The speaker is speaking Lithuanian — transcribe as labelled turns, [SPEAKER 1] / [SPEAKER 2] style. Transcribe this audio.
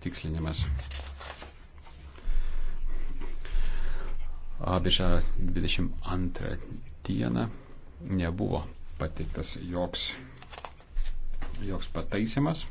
[SPEAKER 1] patikslinimas. Birželio 22 dieną nebuvo pateiktas joks, joks pataisimas.